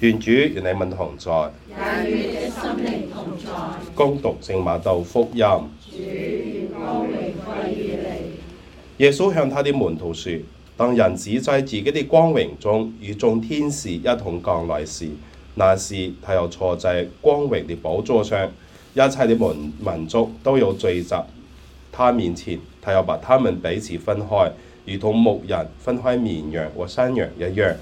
願主與你們同在，也與你的心靈同在。恭讀聖馬竇福音，主，願光榮歸於你。耶穌向他的門徒説：當人子在自己的光榮中與眾天使一同降臨時，那時他又坐在光榮的寶座上，一切的民民族都有聚集他面前，他又把他們彼此分開，如同牧人分開綿羊和山羊一樣。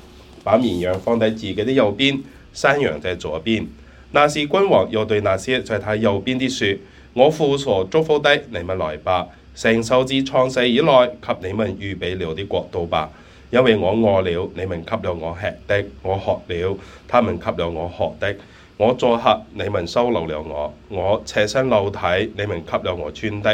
把綿羊放喺自己啲右邊，山羊就係左邊。那時君王又對那些在他右邊啲說：我父所祝福的，你們來吧。承受自創世以來，給你們預備了啲國度吧。因為我餓了，你們給了我吃的；我渴了，他們給了我喝的；我作客，你們收留了我；我赤身露體，你們給了我穿的；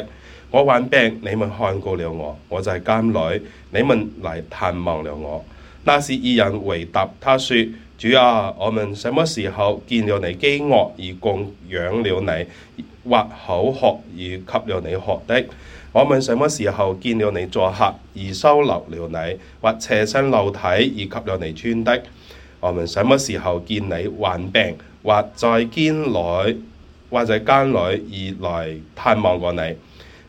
我患病，你們看顧了我；我在監裏，你們嚟探望了我。那時義人回答，他說：主啊，我們什麼時候見了你飢餓而供養了你，或口渴而給了你喝的？我們什麼時候見了你作客而收留了你，或赤身露體而給了你穿的？我們什麼時候見你患病，或在監裏，或在監裏而來探望過你？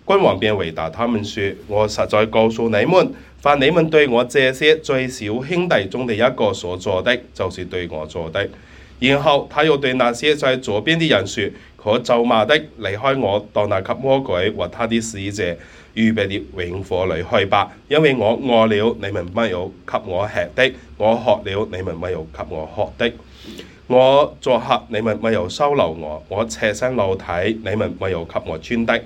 君王便回答他們說：我實在告訴你們，凡你們對我這些最小兄弟中的一個所做的，就是對我做的。然後他又對那些在左邊的人說：可咒罵的，離開我，當那給魔鬼或他的使者預備的永火裏去吧！因為我餓了，你們沒有給我吃的；我渴了，你們沒有給我喝的；我作客，你們沒有收留我；我赤身露體，你們沒有給我穿的。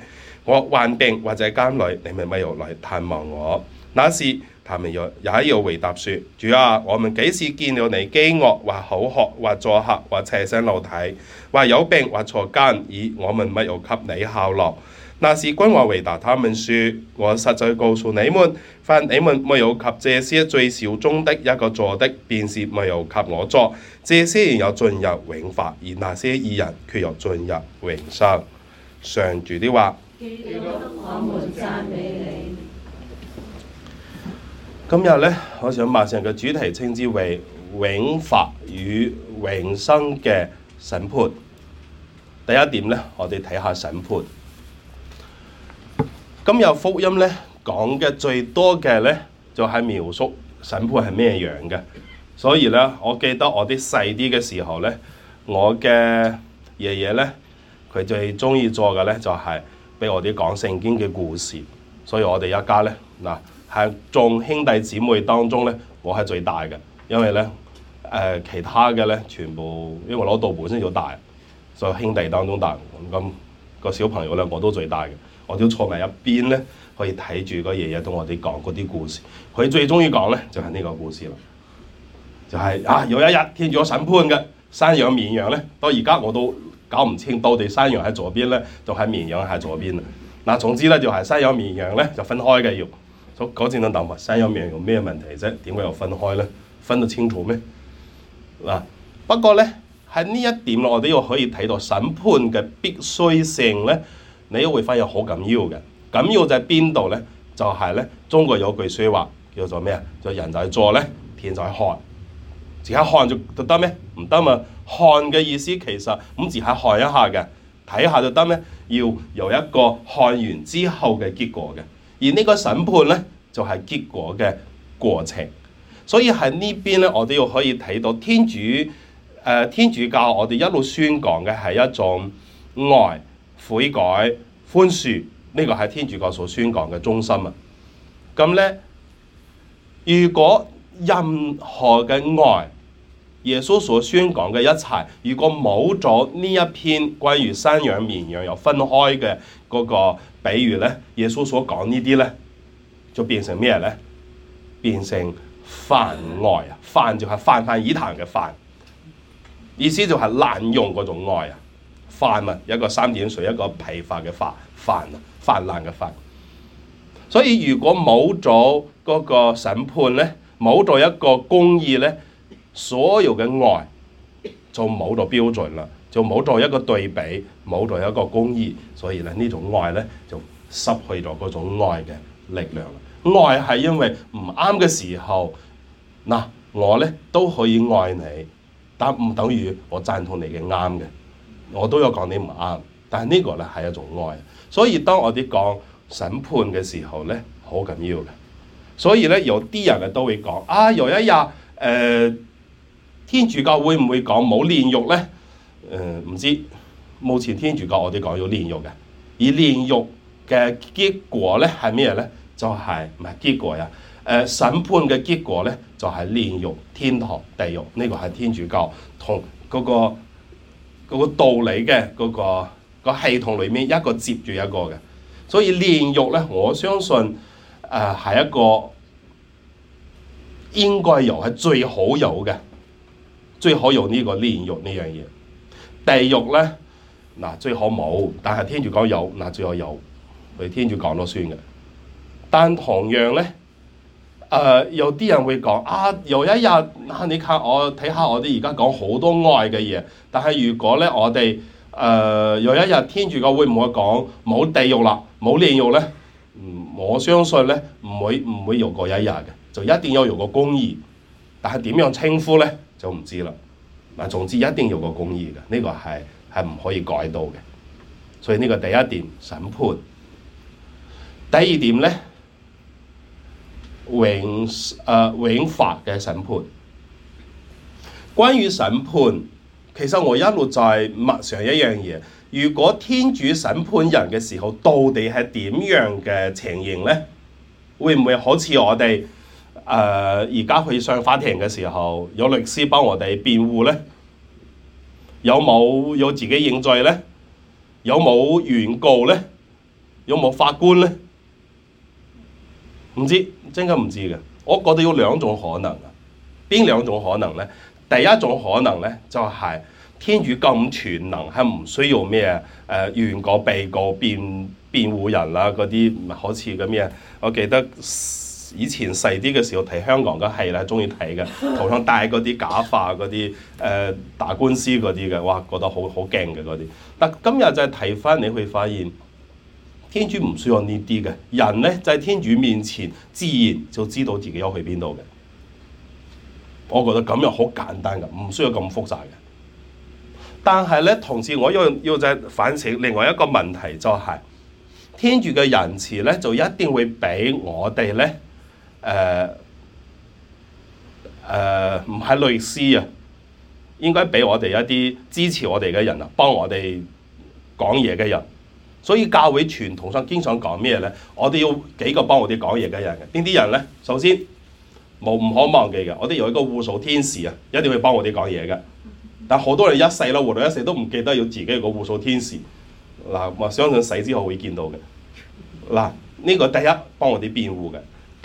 我患病或者監裏，你哋沒有來探望我。那時他們又又回答說：主啊，我們幾時見了你，饑餓或口渴或坐客或赤身露體，或有病或坐監，而我們沒有給你效勞。」那時君王回答他們說：我實在告訴你們，凡你們沒有給這些最小中的一個做的，便是沒有給我做。這些人有進入永罰，而那些義人卻又進入永生。上主的話。今日呢，我想馬上個主題稱之為永罰與永生嘅審判。第一點呢，我哋睇下審判。今日福音呢，講嘅最多嘅呢，就係、是、描述審判係咩樣嘅。所以呢，我記得我啲細啲嘅時候爺爺呢，我嘅爺爺呢，佢最中意做嘅呢，就係。俾我哋講聖經嘅故事，所以我哋一家呢，嗱喺眾兄弟姊妹當中呢，我係最大嘅，因為呢，誒、呃、其他嘅呢，全部因為我老豆本身要大，所以兄弟當中大咁、那個小朋友呢，我都最大嘅，我就坐埋一邊呢，可以睇住個爺爺同我哋講嗰啲故事，佢最中意講呢，就係、是、呢個故事啦，就係、是、啊有一日天主審判嘅山羊綿羊呢，到而家我都。搞唔清到底山羊喺左邊呢，就喺綿羊喺左邊啦。總之呢，就係山羊綿羊呢，就分開嘅要，嗰陣就等山羊綿羊有咩問題啫？點解又分開呢？分得清楚咩、啊？不過呢，喺呢一點我哋又可以睇到審判嘅必須性呢，你又會發現好緊要嘅。緊要就喺邊度呢？就係、是、呢中國有句說話叫做咩啊？就是、人就做咧，天就開。自下看就得咩？唔得嘛！看嘅意思其實，咁自下看一下嘅，睇下就得咩？要由一個看完之後嘅結果嘅，而呢個審判咧就係、是、結果嘅過程。所以喺呢邊咧，我哋要可以睇到天主誒、呃，天主教，我哋一路宣講嘅係一種愛悔改寬恕，呢、這個係天主教所宣講嘅中心啊。咁咧，如果任何嘅愛。耶穌所宣講嘅一切，如果冇咗呢一篇關於山羊、綿羊又分開嘅嗰個比喻咧，耶穌所講呢啲咧，就變成咩咧？變成泛愛啊，泛就係泛泛以談嘅泛，意思就係濫用嗰種愛啊。泛啊一個三點水一個批發嘅發，泛啊泛濫嘅泛。所以如果冇咗嗰個審判咧，冇咗一個公義咧。所有嘅愛就冇咗標準啦，就冇咗一個對比，冇咗一個公義，所以咧，呢種愛咧就失去咗嗰種愛嘅力量啦。愛係因為唔啱嘅時候，嗱我咧都可以愛你，但唔等於我贊同你嘅啱嘅，我都有講你唔啱，但係呢個咧係一種愛，所以當我哋講審判嘅時候咧好緊要嘅，所以咧有啲人咧都會講啊有一日誒。呃天主教會唔會講冇煉獄咧？誒、嗯，唔知。目前天主教我哋講有煉獄嘅，而煉獄嘅結果咧係咩咧？就係唔係結果呀？誒、呃，審判嘅結果咧就係煉獄、天堂、地獄呢個係天主教同嗰個、嗰個道理嘅嗰個、嗰個系統裏面一個接住一個嘅。所以煉獄咧，我相信誒係、呃、一個應該有，係最好有嘅。最好有呢個煉獄呢樣嘢，地獄呢，嗱最好冇，但係天主講有，嗱最好有，佢天主講都算嘅。但同樣呢，誒、呃、有啲人會講啊，有一日嗱、啊、你睇我睇下我哋而家講好多愛嘅嘢，但係如果咧我哋誒、呃、有一日天主講會唔會講冇地獄啦，冇煉獄咧？我相信咧唔會唔會有過一日嘅，就一定要有個公義。但係點樣稱呼咧？就唔知啦。嗱，總之一定要個公義嘅，呢、呢個係係唔可以改到嘅。所以呢個第一點審判，第二點咧，永誒、呃、永法嘅審判。關於審判，其實我一路在默想一樣嘢，如果天主審判人嘅時候，到底係點樣嘅情形咧？會唔會好似我哋？誒而家去上法庭嘅時候，有律師幫我哋辯護咧，有冇有，有自己認罪咧？有冇原告咧？有冇法官咧？唔知真係唔知嘅。我覺得有兩種可能啊。邊兩種可能咧？第一種可能咧，就係、是、天宇咁全能，係唔需要咩誒、呃、原告、被告辯、辯辯護人啦嗰啲，唔係好似咁咩？我記得。以前細啲嘅時候睇香港嘅戲啦，中意睇嘅頭上戴嗰啲假髮嗰啲，誒、呃、打官司嗰啲嘅，哇覺得好好驚嘅嗰啲。但今日就係睇翻，你可以發現天主唔需要呢啲嘅人咧，就係天主面前自然就知道自己有去邊度嘅。我覺得咁樣好簡單嘅，唔需要咁複雜嘅。但係咧，同時我又要就反省另外一個問題，就係，就係天主嘅仁慈咧，就一定會俾我哋咧。誒誒，唔係、呃呃、律師啊，應該畀我哋一啲支持我哋嘅人啊，幫我哋講嘢嘅人。所以教會傳統上經常講咩咧？我哋要幾個幫我哋講嘢嘅人嘅？邊啲人咧？首先冇唔可忘記嘅，我哋有一個護數天使啊，一定會幫我哋講嘢嘅。但好多人一世啦，活到一世都唔記得要自己有個護數天使。嗱，我相信死之後會見到嘅。嗱，呢個第一幫我哋辯護嘅。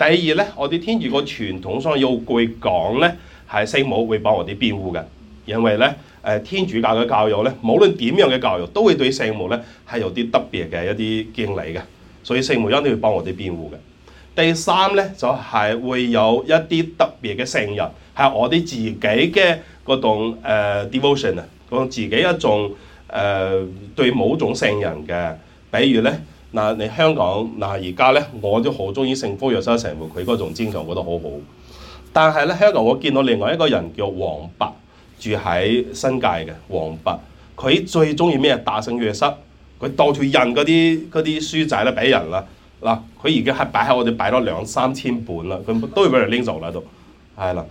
第二咧，我哋天主個傳統上有句講咧，係聖母會幫我哋辯護嘅。因為咧誒天主教嘅教育咧，無論點樣嘅教育，都會對聖母咧係有啲特別嘅一啲敬禮嘅，所以聖母一定要幫我哋辯護嘅。第三咧就係、是、會有一啲特別嘅聖人係我哋自己嘅嗰種 devotion 啊，嗰種、呃、自己一種誒、呃、對某種聖人嘅，比如咧。嗱，你香港嗱而家咧，我都好中意盛科藥室成部，佢嗰種精神我覺得好好。但係咧，香港我見到另外一個人叫黃伯，住喺新界嘅黃伯，佢最中意咩？大聖若瑟，佢到處印嗰啲啲書仔咧俾人啦。嗱、啊，佢而家係擺喺我哋擺咗兩三千本啦，佢都要俾人拎走啦，都係啦。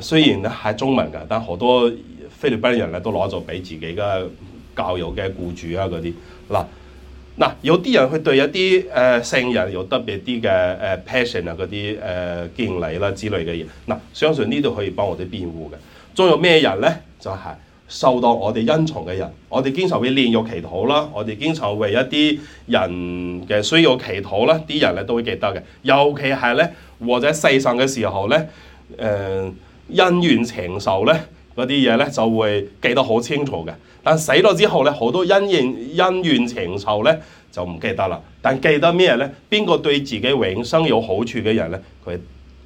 雖然咧係中文嘅，但好多菲律賓人咧都攞咗俾自己嘅教育嘅僱主啊嗰啲嗱。嗱，有啲人去對一啲誒、呃、聖人有特別啲嘅誒 passion 啊，嗰啲誒敬禮啦之類嘅嘢，嗱，相信呢度可以幫我哋辯護嘅。仲有咩人咧？就係、是、受到我哋恩寵嘅人，我哋經常會連絡祈禱啦，我哋經常為一啲人嘅需要祈禱啦，啲人咧都會記得嘅。尤其係咧，或者世上嘅時候咧，誒恩怨情仇咧嗰啲嘢咧就會記得好清楚嘅。但死咗之後咧，好多恩怨恩怨情仇咧就唔記得啦。但記得咩咧？邊個對自己永生有好處嘅人咧？佢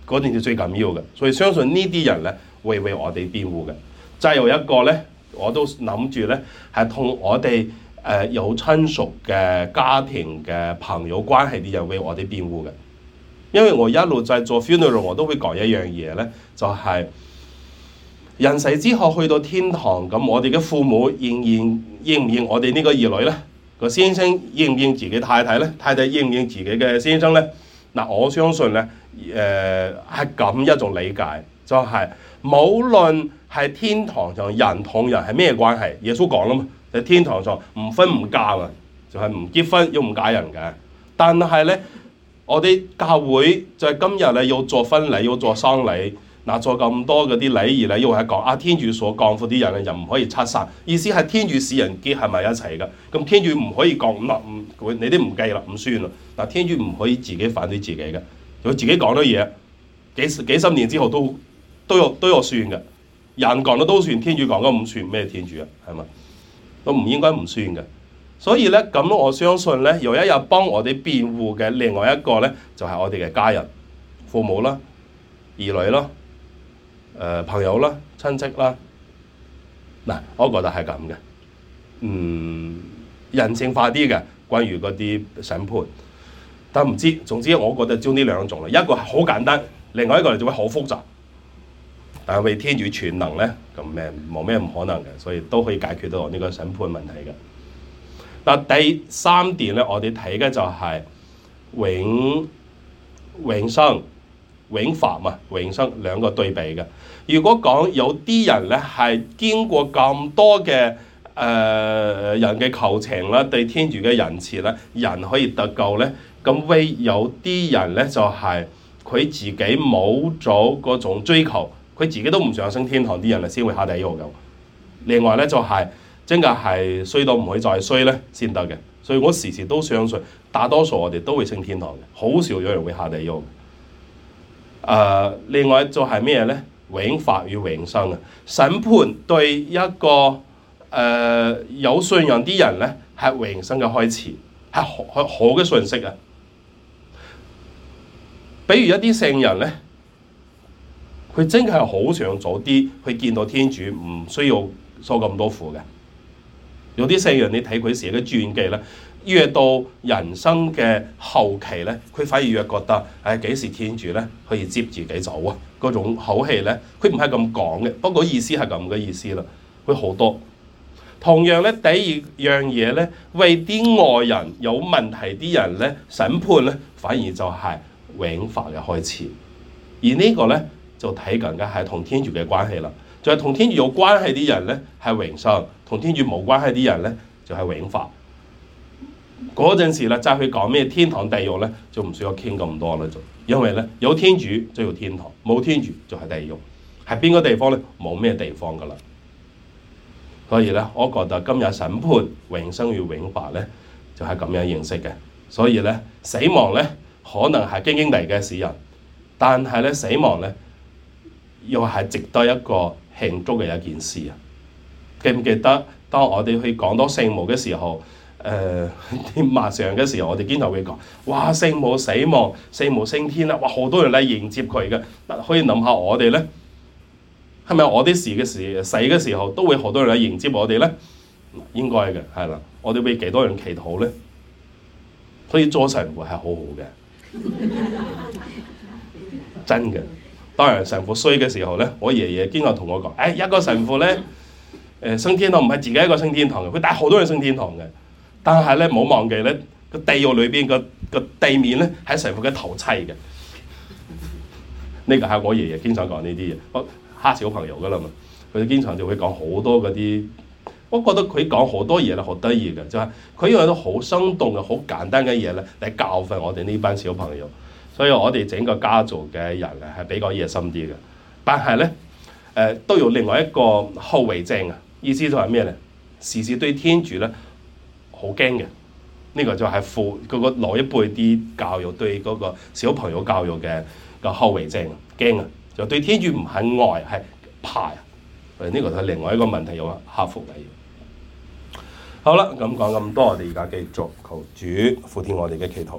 嗰段就最緊要嘅。所以相信呢啲人咧會為我哋辯護嘅。再有一個咧，我都諗住咧係同我哋誒有親屬嘅家庭嘅朋友關係啲人為我哋辯護嘅。因為我一路在做 Funeral，我都會講一樣嘢咧，就係、是。人死之後去到天堂，咁我哋嘅父母仍然認唔認我哋呢個兒女咧？個先生認唔認自己太太咧？太太認唔認自己嘅先生咧？嗱，我相信咧，誒係咁一種理解，就係、是、無論係天堂上人同人係咩關係，耶穌講啦嘛，喺、就是、天堂上唔分唔嫁嘛，就係、是、唔結婚要唔嫁人嘅。但係咧，我哋教會就今日咧要做婚禮，要做喪禮。要做嗱，再咁多嗰啲禮儀咧，又係講啊，天主所降福啲人咧，就唔可以拆散。意思係天主使人結係埋一齊嘅？咁天主唔可以降五啊五，你都唔計啦，唔算啦。嗱，天主唔可以自己反對自己嘅，佢自己講啲嘢，幾十幾十年之後都都有都有算嘅。人講咗都算，天主講咗唔算，咩天主啊？係嘛？都唔應該唔算嘅。所以咧，咁我相信咧，有一日幫我哋辯護嘅另外一個咧，就係、係、我哋嘅家人、父母啦、兒女咯。呃、朋友啦，親戚啦，我覺得係咁嘅，嗯，人性化啲嘅，關於嗰啲審判，但唔知，總之我覺得就呢兩種啦，一個係好簡單，另外一個就會好複雜，但係為天主全能咧，咁誒冇咩唔可能嘅，所以都可以解決到我呢個審判問題嘅。嗱，第三點咧，我哋睇嘅就係永永生。永罰嘛、啊，永生兩個對比嘅。如果講有啲人咧係經過咁多嘅誒、呃、人嘅求情啦，對天主嘅仁慈咧，人可以得救咧，咁唯有啲人咧就係、是、佢自己冇咗嗰種追求，佢自己都唔想升天堂啲人啊，先會下地獄嘅。另外咧就係、是、真嘅係衰到唔可以再衰咧先得嘅。所以我時時都相信大多數我哋都會升天堂嘅，好少有人會下地獄。誒、呃，另外就係咩咧？永罰與永生啊！審判對一個誒、呃、有信仰啲人咧，係永生嘅開始，係好好嘅信息啊！比如一啲聖人咧，佢真係好想早啲去見到天主，唔需要受咁多苦嘅。有啲聖人，你睇佢寫嘅傳記咧。越到人生嘅後期咧，佢反而越覺得，誒、哎、幾時天主咧可以接自己走啊？嗰種口氣咧，佢唔係咁講嘅，不過意思係咁嘅意思啦。佢好多同樣咧，第二樣嘢咧，為啲外人有問題啲人咧，審判咧反而就係永罰嘅開始。而個呢個咧就睇緊嘅係同天主嘅關係啦。就係、是、同天主有關係啲人咧係永生，同天主冇關係啲人咧就係、是、永罰。嗰陣時咧，再去講咩天堂地獄咧，就唔需要傾咁多啦，就因為咧有天主就要天堂，冇天主就係地獄，喺邊個地方咧？冇咩地方噶啦。所以咧，我覺得今日審判永生與永罰咧，就係、是、咁樣認識嘅。所以咧，死亡咧可能係驚驚地嘅事人，但係咧死亡咧又係值得一個慶祝嘅一件事啊！記唔記得當我哋去講到聖母嘅時候？誒天晚上嘅時候，我哋經常會講：哇！聖母死亡，聖母升天啦！哇！好多人嚟迎接佢嘅，可以諗下我哋咧，係咪我啲事嘅時，的時死嘅時候都會好多人嚟迎接我哋咧？應該嘅，係啦。我哋俾幾多人祈禱咧？所以做神父係好好嘅，真嘅。當然，神父衰嘅時候咧，我爺爺經常同我講：誒、哎、一個神父咧，誒、呃、升天堂唔係自己一個升天堂嘅，佢帶好多人升天堂嘅。但係咧，冇忘記咧個地獄裏邊個個地面咧係成副嘅頭砌嘅。呢個係我爺爺經常講呢啲嘢，我嚇小朋友噶啦嘛。佢經常就會講好多嗰啲，我覺得佢講好多嘢咧，好得意嘅，就係、是、佢用到好生動又好簡單嘅嘢咧嚟教訓我哋呢班小朋友。所以我哋整個家族嘅人咧係比較熱心啲嘅。但係咧，誒、呃、都有另外一個後遺症嘅意思就係咩咧？時時對天主咧。好驚嘅，呢、這個就係父嗰、那個老一輩啲教育對嗰個小朋友教育嘅個後遺症，驚啊！就對天主唔係愛，係怕啊！呢、這個係另外一個問題，要克服嚟嘅。好啦，咁講咁多，我哋而家繼續求主俯聽我哋嘅祈禱。